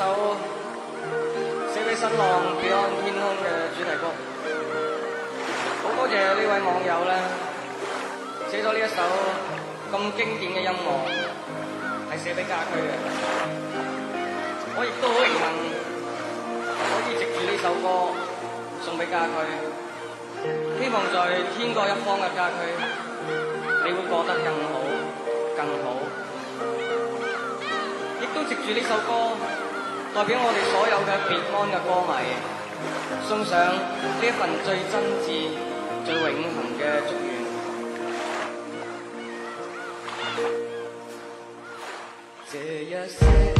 首寫俾新浪《彼岸天空》嘅主題曲，好多謝呢位網友咧，寫咗呢一首咁經典嘅音樂，係寫俾家駒嘅。我亦都好榮幸可以藉住呢首歌送俾家駒，希望在天各一方嘅家駒，你會過得更好、更好。亦都藉住呢首歌。代表我哋所有嘅 Beyond 嘅歌迷，送上呢一份最真摯最永恒嘅祝願。這一生。